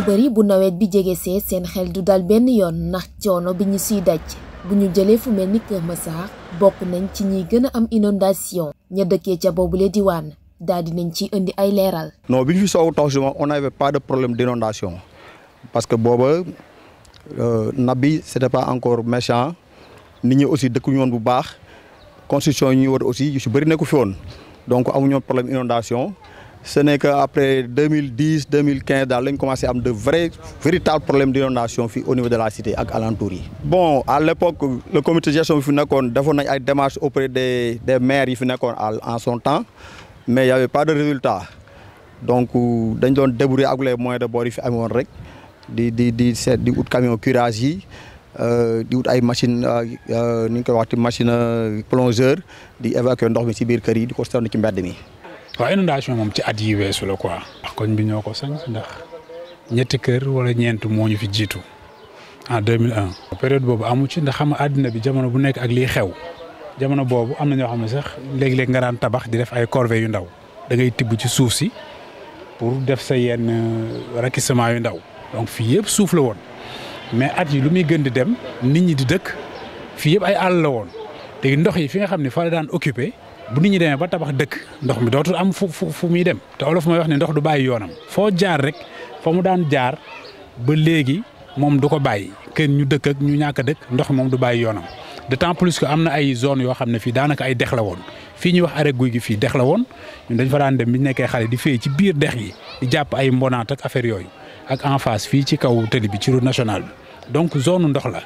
ñu bëri bu nawet bi jege see seen xel du dal benn yoon ndax coono bi ñu siy daj bu ñu jëlee fu mel ni Kër Massar bokk nañ ci ñiy gën a am inondation ña dëkkee ca boobule diwaan daal di nañ ci indi ay leeral. non bi ñu fi soog taw si on avait pas de problème d'inondation parce que booba euh, nab bi c'était pas encore méchant nit ñi aussi dëkkuñu woon bu baax construction yi ñuy war aussi yu si bëri nekku fi woon donc amuñu problème inondation ce n'est que après 2010 2015 daal lañ commencé am de vrais véritables problèmes d'inondation fii au niveau de la cité ak alentour yi. bon à l'époque le comité de fi nekkoon defoon nañ ay démarches auprès de des maires yi fi nekkoon en son temps mais y avait pas de résultat donc dañ doon débrouiller ak les moyens de bord fi fi amoon rek di di di seet di ut camion curage yi. Euh, di wut ay machine euh, euh, ni ñu koy waxti machine plongeur di évacuer ndox mi ci biir kër yi di ko seetlu ci mbedd mi waa inondation moom ci at yi weesu la quoi. ndax koñ bi ñoo ko sanc ndax ñetti kër wala ñeent moo ñu fi jiitu en période boobu amu ci ndax xam nga àddina bi jamono bu nekk ak liy xew jamono boobu am na ñoo xam ne sax léeg-léeg nga daan tabax di def ay corvée yu ndaw da ngay tibb ci suuf si pour def sa yenn euh, rakissement yu ndaw donc fii yëpp suuf la woon mais at yi lu muy gën di dem nit ñi di dëkk fii yëpp ay àll la woon léegi ndox yi fi nga xam ne fa la daan occupé. bu nit ñi demee ba tabax dëkk ndox mi dootul am fu fu fu muy dem te olof may wax ne ndox du bàyyi yoonam foo jaar rek fa mu daan jaar ba léegi moom du ko bàyyi kenn ñu dëkk ak ñu ñàkk a dëkk ndox moom du bàyyi yoonam d'autant plus que am na ay zone yoo xam ne fii daanaka ay dex la woon fii ñuy wax arrêt guy gi fii dex la woon ñun dañ fa daan dem bi nekkee xale di fee ci biir dex yi di jàpp ay mbonaat ak affaire yooyu ak en fii ci kaw tëli bi ci route nationale bi donc zone ndox la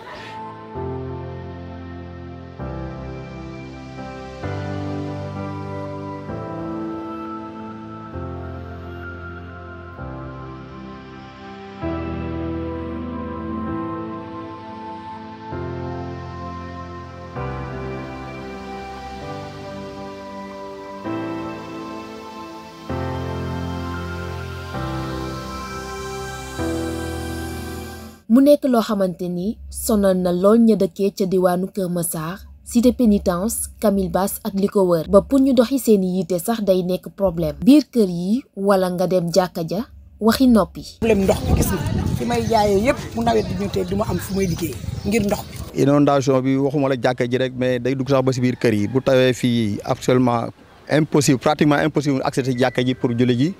mu nekk loo xamante ni sonal na lool ña dëkkee ca diwaanu Kër Massar cité pénitence Camille Basse ak li ko wër ba pour ñu doxi seen yiite sax day nekk problème biir kër yi wala nga dem jàkka ja waxi noppi. problème ndox bi gis nga fi may jaayee yëpp mu nawet bi ñu tey du ma am fu may liggéey ngir ndox bi. inondation bi waxuma la jàkka ji rek mais day dugg sax ba si biir kër yi bu tawee fii actuellement impossible pratiquement impossible accès si jàkka ji pour julli ji.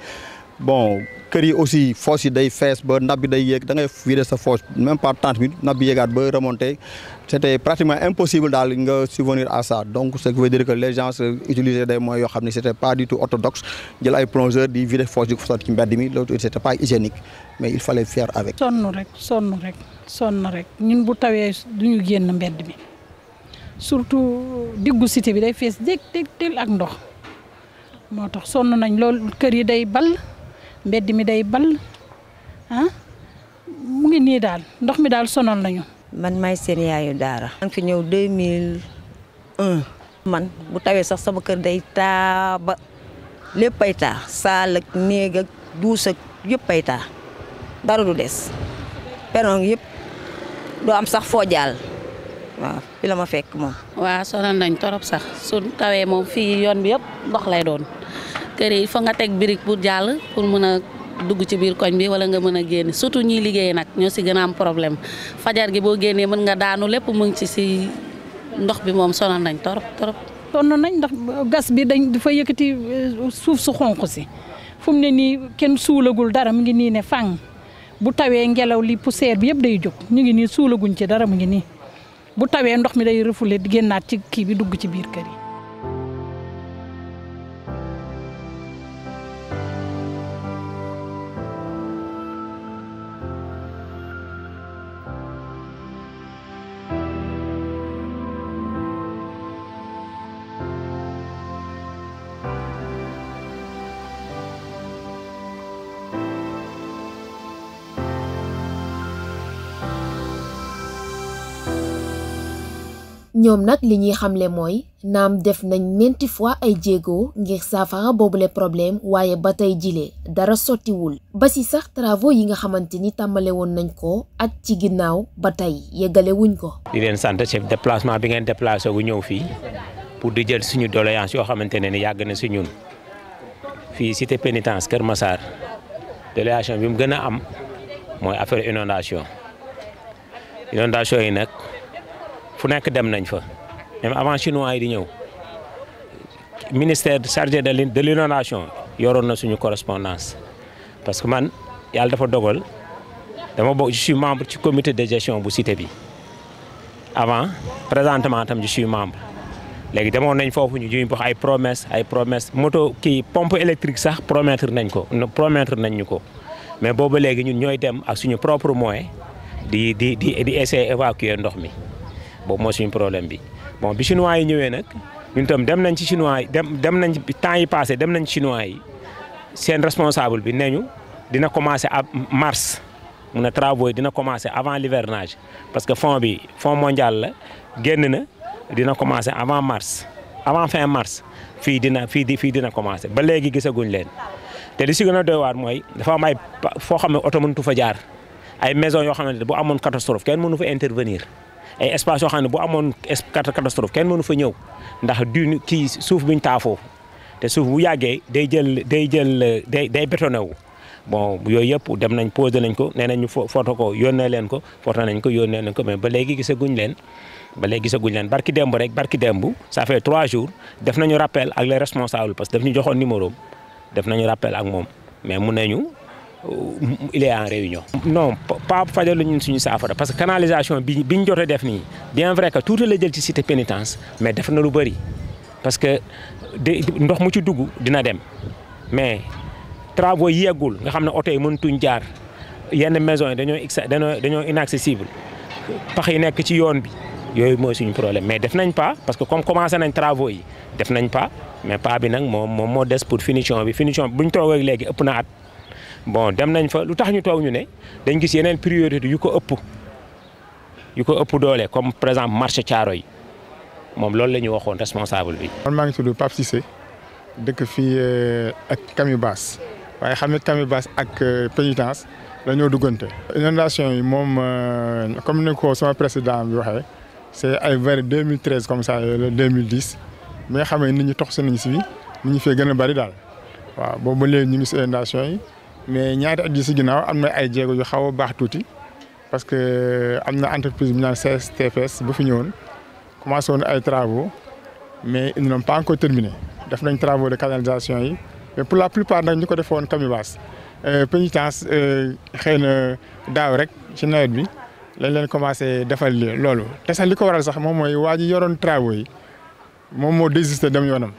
bon kër yi aussi fosse yi day fees ba ndab bi day yéeg da ngay sa fosse même pas trente minutes ndab bi yéegaat ba remonter c'était pratiquement impossible daal nga subvenir à ça donc ce qui veut dire que les gens utilisaient des moyens yoo xam ne c'était pas du tout orthodoxe jël ay plongeur di vider fosse di ko ci mbedd mi loolu c'était pas hygiénique mais il fallait faire avec. sonn rek sonn rek sonn rek ñun bu tawee duñu génn mbedd mi surtout diggu cité bi day fees dég dég dég ak ndox moo tax sonn yi day bal. mbedd mi day bal ah, mu ngi nii daal ndox mi daal sonal nañu. man may seen yaayu daara. man fi ñëw 2001. man bu tawee sax sama kër day taa ba lépp ay taa saal ak néeg ak duus taa dara du des perron yëpp doo am sax foo jàll waaw fi la ma fekk moom. waa sonal nañ torop sax su tawee moom fii yoon bi yëpp ndox lay doon. kër yi fa nga teg brique bu jàll pour mën a dugg ci biir koñ bi wala nga mën a génn surtout ñii liggéey nag ñoo si gën a am problème fajar gi boo génnee mën nga daanu lépp mu ngi ci si ndox bi moom sonal nañ torop torop sonn nañ gas bi dañ dafa yëkkati euh, suuf su xonq si fu ne nii kenn suulagul dara mu ngi nii ne fang bu tawee ngelaw li poussière bi yëpp day jóg ñu ngi nii suulaguñ ci dara mu ngi nii bu tawee ndox mi day refoulé di génnaat ci kii bi dugg ci biir kër yi ñoom nag li ñuy xamle mooy naam def nañ ñeenti fois ay jéego ngir saafara boobule problème waaye ba tey jile dara sottiwul ba si sax travaux yi nga xamante ni tàmbale woon nañ ko at ci ginnaaw ba tey yeggale ko. di leen sant chef déplacement bi ngeen déplacé wu ñëw fii pour di jël suñu doléance yoo xamante ne ni yàgg na si ñun fii te pénitence Kër Massar doléance bi mu gën a am mooy affaire inondation inondation yi nag. fu nekk dem nañ fa même avant chinois yi di ñëw ministère chargé de de l'inondation yoroon na suñu correspondance parce que man yàlla dafa dogal dama bokk je suis membre ci comité de gestion bu cité bi avant présentement tam je suis membre léegi demoon nañ foofu ñu juñ wax ay promesse ay promesse moto ki pompe électrique sax promettre nañ ko promettre nañ ñu ko mais booba léegi ñun ñooy dem ak suñu propre moyen di di di di essayer évacuer ndox mi boobu moo suñu problème bi bon bi chinois yi ñëwee nag ñun tam dem nañ ci chinois yi dem dem nañ temps yi passé dem nañ chinois yi seen responsable bi nee ñu dina commencé ab mars mu ne travaux yi dina commencé avant livernage parce que fonds bi fonds mondial la génn na dina commencé avant mars avant fin mars fii dina fii di fii dina commencé ba léegi gisaguñ leen te li si gën a doy mooy dafa am ay foo xam ne oto mëntu fa jaar ay maison yoo xam ne bu amoon catastrophe kenn mënu fa intervenir ay espace yoo xam ne bu amoon catastrophe kenn mënu fa ñëw ndax du kii suuf bi ñu taafoo te suuf bu yàggee day jël day jël day day bétonné wu. bon yooyu yëpp dem nañ posé nañ ko nee nañ ñu foto ko yónnee leen ko foto nañ ko yónnee leen ko mais ba léegi gisaguñ leen ba léegi gisaguñ leen barki demb rek barki démb ça fait trois jours def nañu rappel ak les responsables parce que daf ñu joxoon numéro def nañu rappel ak moom mais mun nañu. il est en réunion. non pas fajalu ñun suñu saafara parce que canalisation bi bi ñu jot a def nii bien vrai que tuuti la jël ci cité pénitence mais def na lu bari parce que ndox mu ci dugg dina dem mais travaux yi yeggul nga xam ne oto yi jaar yenn maison yi dañoo dañoo dañoo inaccessible pax yi nekk ci yoon bi yooyu mooy suñu problème mais def nañ pas parce que comme commencé nañ travaux yi def nañ pas mais pas bi nag moom moo des pour finition bi finition bi bu ñu toogee ëpp na at. bon dem nañ fa lu tax ñu toog ñu ne dañ gis yeneen priorité yu ko ëpp yu ko ëpp doole comme par exemple marché caaro yi moom loolu la ñu waxoon responsable bi. man maa ngi tudd Pape Cissé dëkk fii euh, ak Kami Baas waaye xam ne Kami Baas ak euh, pénitence dañoo duggante. inondation yi moom euh, comme ni ko sama président bi waxee c'est ay vers 2013 comme ça le 2010 bi nga xam ne nit ñi tox si nañ si nit ñi fee gën a bari daal waaw boobu ba ñu ngi si inondation yi. mais ñaari at yi am na ay jéego yu xaw a baax tuuti parce que euh, am na entreprise bu ñu naan CSTPS bu fi ñëwoon commencé woon ay travaux mais ils n'ont pas encore def nañ travaux de canalisation yi mais pour la plupart nag ñu ko defoon Camibas euh, pénitence euh, xëy na daaw rek ci nawet bi lañ leen commencé defal loolu te li ko waral sax moom mooy waa ji yoroon travaux yi moom moo désisté dem yoonam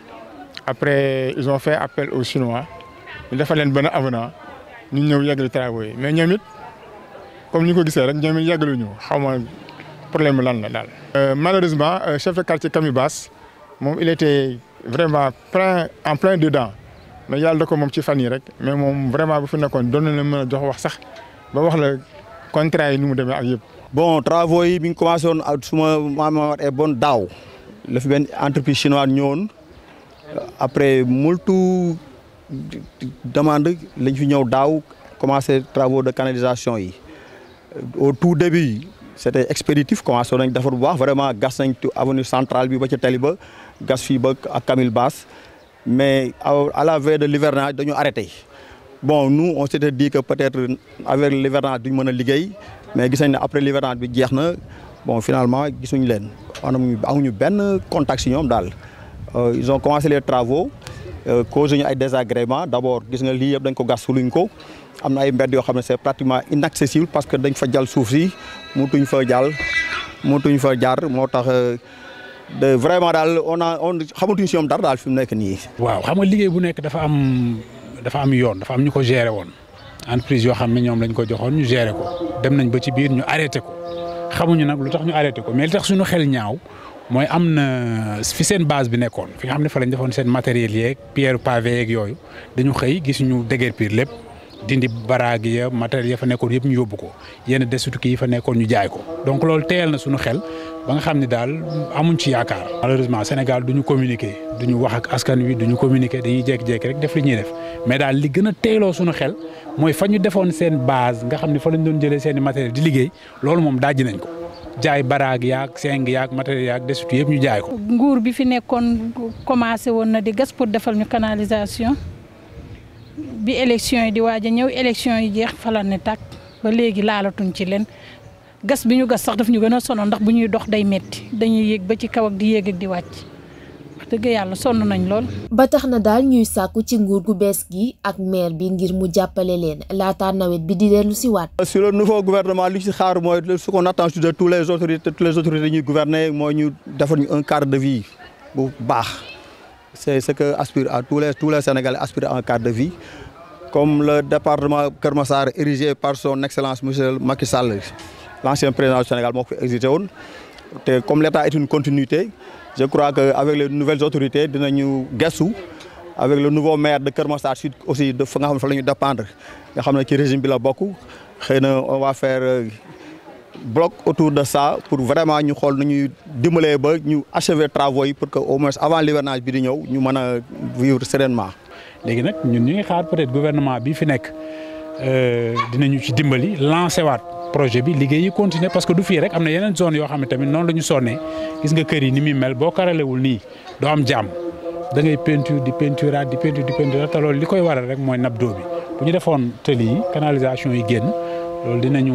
après ils ont fait appel au Chinois ñu defal leen benn avenant ñu ñëw yeggali travaux yi mais ñoom it comme ñu ko gisee rek ñoom it yeggaluñu xaw ma problème lan la daal. Euh, malheureusement euh, chef de quartier Camibas moom il était vraiment plein en plein dedans mais yàlla da ko moom ci fan yi rek mais moom vraiment bu fi nekkoon doon na mën a jox wax sax ba wax la contrat yi ni mu demee ak yëpp. bon travaux yi bi ñu commencé woon ak su ma maama e bon daaw la fi benn entreprise chinoise ñëwoon après multu demande lañ fi ñëw daaw commencé travaux de canalisation yi au tout début c' était expéditif commencé nañ defar bu baax vraiment gas nañ avenue centrale bi ba ca tali ba gas fii ba a Camille Basse mais à la veille de l'hivernage dañu arrêté bon nu on s'était dit que peut-être avec l'hivernage duñ mën a liggéey mais gisañ nañ ne après l'hivernage bi jeex na bon finalement gisuñ leen amuñu amuñu benn contact si ñoom daal euh, ils ont commencé les travaux Euh, causé ñu ay désagrément d' abord gis nga lii yëpp dañ ko gas suluñ ko am na ay mbedd yoo xam ne c' est pratiquement inaccessible parce que dañ fa jal suuf si mutuñ fa jàll mutuñ fa jaar moo tax euh, de vraiment daal on a on xamatuñ si ñoom dara daal fi mu nekk nii. waaw xam nga liggéey bu nekk dafa am dafa am yoon dafa am ñu ko géré woon entreprise yoo xam ne ñoom lañ ko joxoon ñu geere ko dem nañ ba ci biir ñu arrêté ko xamuñu nag lu tax ñu arrêté ko mais li tax suñu xel ñaaw. mooy am na fi seen base bi nekkoon fi nga xam ne fa lañ defoon seen matériel yeeg pierre pavé yeeg yooyu dañu xëy gis ñu déguerpir lépp dindi baraag ya matériel ya fa nekkoon yëpp ñu yóbbu ko yenn desutu kii yi fa nekkoon ñu jaay ko donc loolu teyal na suñu xel ba nga xam ne daal amuñ ci yaakaar malheureusement Sénégal du ñu communiqué du ñu wax ak askan wi du ñu communiquer dañuy jékki-jékki rek def li ñuy def mais daal li gën a teyloo suñu xel mooy fa ñu defoon seen base nga xam ne fa lañ doon jëlee seen i di liggéey loolu moom dajji ko jaay baraag yaag seng yaag matériel yaag desitu yëpp ñu jaay ko. nguur bi fi nekkoon commencé woon na di gas pour defal ñu canalisation bi élection yi di waaj a ñëw élection yi jeex fa la ne tàkk ba léegi laalatuñ ci leen gas bi ñu gas sax daf ñu gën a sonal ndax bu ñuy dox day metti dañuy yéeg ba ci kaw di yéeg ak di wàcc. wax yàlla sonn nañ lool. ba tax na daal ñuy sàkku ci nguur gu bees gi ak maire bi ngir mu jàppale leen laataa nawet bi di dellu si waat. sur le nouveau gouvernement li ci xaar mooy ce qu'on attend de tous les autorités tous les autorités ñuy gouverner mooy ñu defar ñu un cadre de vie bu baax c'est ce que aspire à tous les tous les Sénégalais aspirent à un cadre de vie. comme le département Keur Massar érigé par son excellence monsieur Macky Sall l'ancien président Sénégal moo ko fi exité woon je crois que avec les nouvelles autorités dinañu gestu avec le nouveau maire de Keur Massar Sud aussi de fa nga xam ne fa la ñu dépendre nga xam ne ci régime bi la bokk xëy na on va faire euh, bloc autour de ça pour vraiment ñu xool nu ñuy dimbalee ba ñu achever travaux yi pour que au moins avant l'hivernage bi di ñëw ñu mën a vivre sereinement. léegi nag ñun ñu xaar peut-être gouvernement bi fi nekk euh, dinañu ci dimbali lancer waat. projet bi liggéey yi continuer parce que du fii rek am na yeneen zone yoo xam ne tamit noonu la ñu sonnee gis nga kër yi ni muy mel boo karalewul nii doo am jàmm da ngay di peinturaat di peinture di peinturaat te loolu li koy waral rek mooy nab doo bi bu ñu defoon tëli yi canalisation yi génn loolu dinañu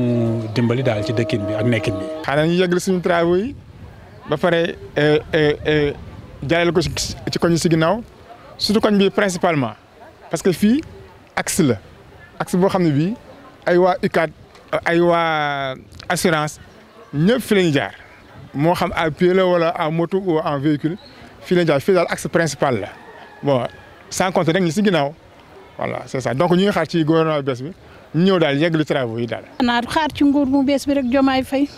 dimbali daal ci dëkkin bi ak nekkin bi. xanaa ñu yëgal suñu travaux yi ba pare euh, euh, euh, jaayal ko ci koñ si ginnaaw su koñ bi principalement parce que fii axe la ay waa assurance ñëpp fi lañ jaar moo xam à pied la wala en moto ou en véhicule fii lañ jaar fii daal axe principal la bon sans compter rek ñu si ginnaaw voilà c'est ça donc ñu ngi xaar ci gouvernement bees bi ñu ñëw daal yegg li travaux daal. xanaa xaar ci nguur bu bees bi rek Diomaye Faye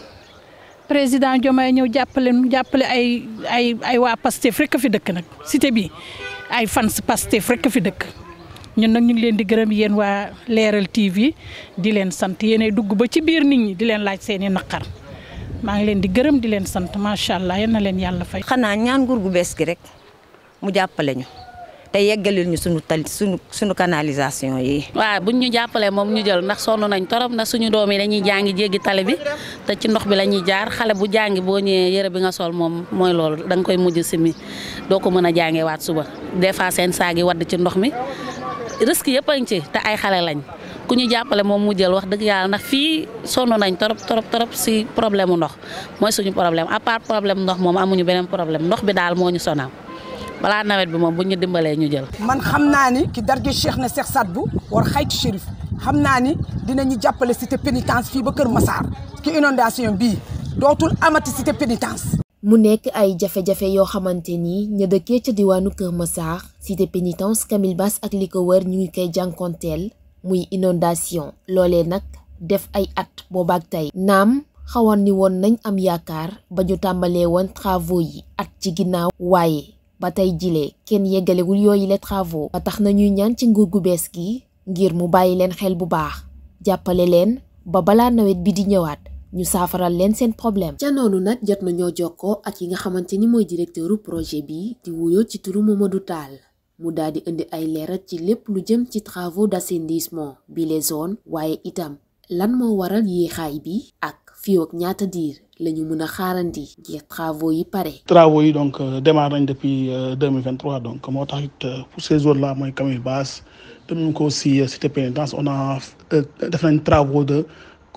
président Diomaye ñëw jàppale jàppale ay ay ay waa Pastef rek a fi dëkk nag cité bi ay fans Pastef rek a fi dëkk. ñun nag ñu ngi leen di gërëm yéen waa Leeral TV di leen sant yéenay dugg ba ci biir nit ñi di leen laaj seeni naqar maa ngi leen di gërëm di leen sant macha allah yal na leen yàlla fay. xanaa ñaan nguur gu bees gi rek mu jàppale ñu te yeggalil ñu sunu tali sunu sunu canalisation yi. waaw buñ ñu jàppalee moom ñu jël ndax sonn nañ torop na suñu doom yi dañuy jàngi jéggi tali bi te ci ndox bi la ñuy jaar xale bu jàngi boo ñëwee yëre bi nga sol moom mooy loolu da koy mujj si mi ko mën a jàngewaat suba des fois seen saag yi wadd ci ndox mi. risque yëpp ci te ay xale lañ ku ñu jàppale moom mu jël wax dëgg yàlla ndax fii sonn nañ torop torop torop si problème mu ndox mooy suñu problème à problème ndox moom amuñu beneen problème ndox bi daal moo ñu sonal balaa nawet bi moom bu ñu dimbalee ñu jël. man xam naa ni ki darge Cheikh na Cheikh Sadbou war xayti Chérif xam naa ni dinañu jàppale cité pénitence fii ba Kër Massar ki inondation bii dootul amati si cité pénitence. mu nekk ay jafe-jafe yoo xamante ni ña dëkkee ca diwaanu Kër ci cité pénitence Camille Basse ak li ko wër ñu ngi koy jànkonteel muy inondation loolee nag def ay at boobaak tey naam xawoon ni woon nañ am yaakaar ba ñu tàmbalee woon travaux yi at ci ginnaaw waaye ba tey jilee kenn yeggalewul yooyu le travaux ba tax na ñuy ñaan ci nguur gu bees gi ngir mu bàyyi leen xel bu baax jàppale leen ba balaa nawet bi di ñëwaat ñu saafaral leen seen problème ca noonu nag jot nañoo jokkoo ak yi nga xamante ni mooy directeur projet bi di wuyoo ci turu Mamadou Tall mu daal di indi ay leeral ci lépp lu jëm ci travaux d'assainissement bi les zones waaye itam lan moo waral yéexaay bi ak fii ñaata diir lañu mën a xaarandi ngir travaux yi pare. travaux yi donc euh, démarre nañ depuis euh, deux mille vingt trois donc moo tax it euh, pour ces zones là mooy Camille Basse te ko aussi cité Pénitence on a def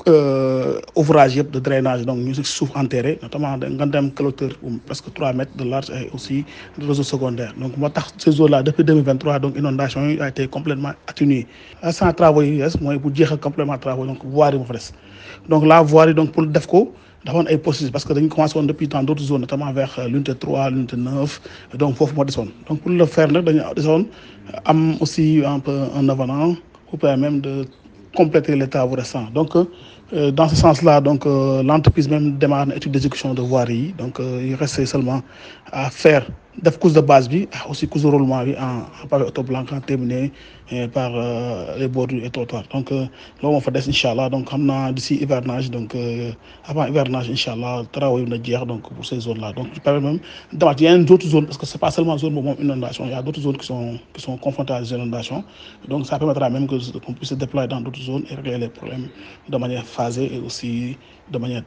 Euh, ouvrage yëpp de drainage donc ñu si suuf enterré notamment dem clôture presque trois mètres de large et aussi réseau secondaire donc moo tax ces zones là depuis 2023 donc inondation yi a été complètement atténuée euh, sans travaux mooy bu jeexal complètement travaux donc voirie moo fa des donc la voirie donc pour def ko dafa am ay processus parce que dañu commencé depuis dans d' autres zones vers euh, l'unité 3 l'unité 9 donc compléter l'état arborescent donc euh, dans ce sens-là donc euh, l'entreprise même démarre une étude d'exécution de voirie donc euh, il reste seulement à faire def course de base bi ah, aussi course de bi ah, en pavé auto blanc en terminé eh, par euh, les bordures et trottoirs donc euh, loolu moo fa des incha allah donc xam naa d'ici hivernage donc euh, avant hivernage incha allah travaux yi na jeex donc pour ces zones là donc je permets même demaat yeneen d'autres zones parce que c'est pas seulement zone boobu moom inondation il a d'autres zones qui sont qui à des inondations donc ça permettra même que qu'on puisse se déployer dans d'autres zones et régler les problèmes de manière